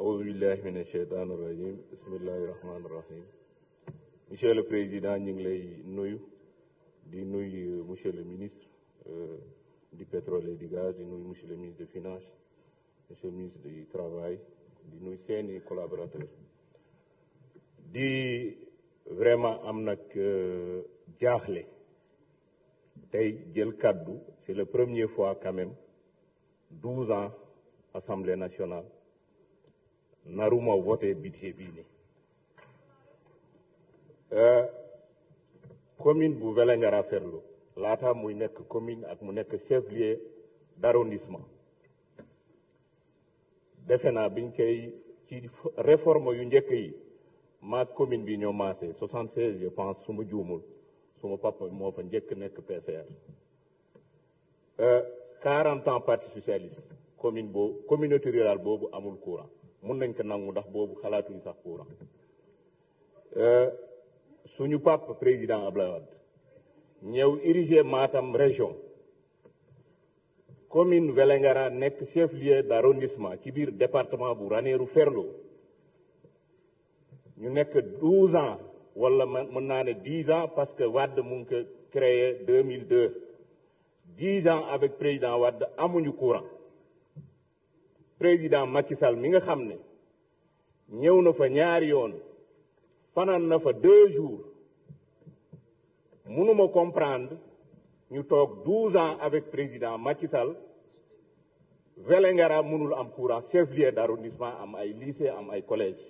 Auzu billahi mina sheytaani rajim bismillahi rahmaani rahim monsieur le président ñu ngi lay nuyu di nuyu monsieur le ministre euh, di pétrole et gaz di nuyu monsieur le ministre des finances monsieur le ministre du travail di nuyu seeni collaborateurs di vraiment am nag euh, jaaxle tey jël kàddu c'est la première fois quand même douze ans assemblée nationale naruma voté budget bii ni eh, commune bu Vélingara Ferlo laata muy nekk commune ak mu nekk chef lieu d' arrondissement defe naa biñ koy ci réforme yu njëkk yi commune bi ñoo maase 76 je pense suma ma juumul suma papa moo fa njëkk nekk PCR 40 eh, ans parti socialiste commune boobu communauté rural boobu amul courant mun nañ ko nangu ndax boobu xalaatuñu sax courant euh, suñu pap président Abdoulaye Wade ñëw érigé Matam région commune Vélingara nekk chef lieu d' arrondissement ci biir département bu Ranérou Ferlo ñu nekk douze ans wala mën naa ne dix ans parce que Wade mu ngi ko créé deux mille deux dix ans avec président Wade amuñu courant président Macky mi nga xam ne ñëw na fa ñaari yoon fanaan na fa deux jours mënuma comprendre ñu toog douze ans avec président Macky Sall Vélingara mënul am courant chef-lieu d'arrondissement am ay lycée am ay collège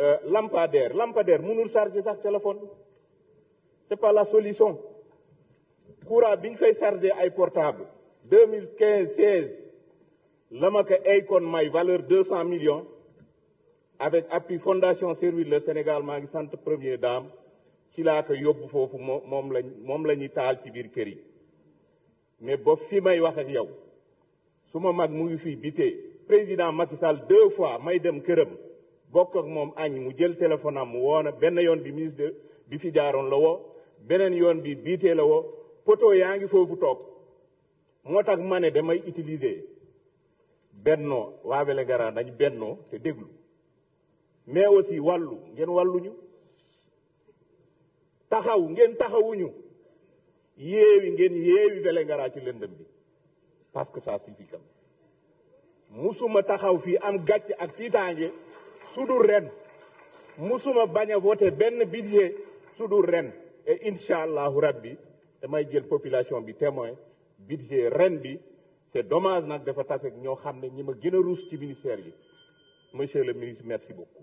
euh, lampadaire lampadaire mënul charger sax téléphone c'est pas la solution courant bi ñu fay charger ay portable deux mille quinze seize Lamaka Akon may valeur deux cent millions avec appui fondation Servir le Sénégal maa ngi sant première daam ci laa ko yóbbu foofu moom moom lañ moom la ñuy taal ci biir kër yi mais ba fi may wax ak yow su ma mag mu ngi fii bité président Macky Sall deux fois may dem këram bokk moom añ mu jël téléphone am mu woona benn yoon bi ministre bi fi jaaroon la woo beneen yoon bi biitee la woo poto yaa ngi foofu toog moo tax ma ne damay utiliser bennoo waa Vélingara nañ bennoo te déglu mais aussi wàllu ngeen wàlluñu taxaw ngeen taxawuñu yéewi ngeen yéewi Vélingara ci lëndëm bi parce que ça suffit quand musuma taxaw fii am gàcc ak tiitaange sudul ren musuma bañ a voté benn budget sudul ren et incha allahu rabbi damay jël population bi témoin budget ren bi c'est domage nag dafa tase ñoo xam ne ñi ma gën a ruus ci ministère yi monsieur le ministre merci beaucoup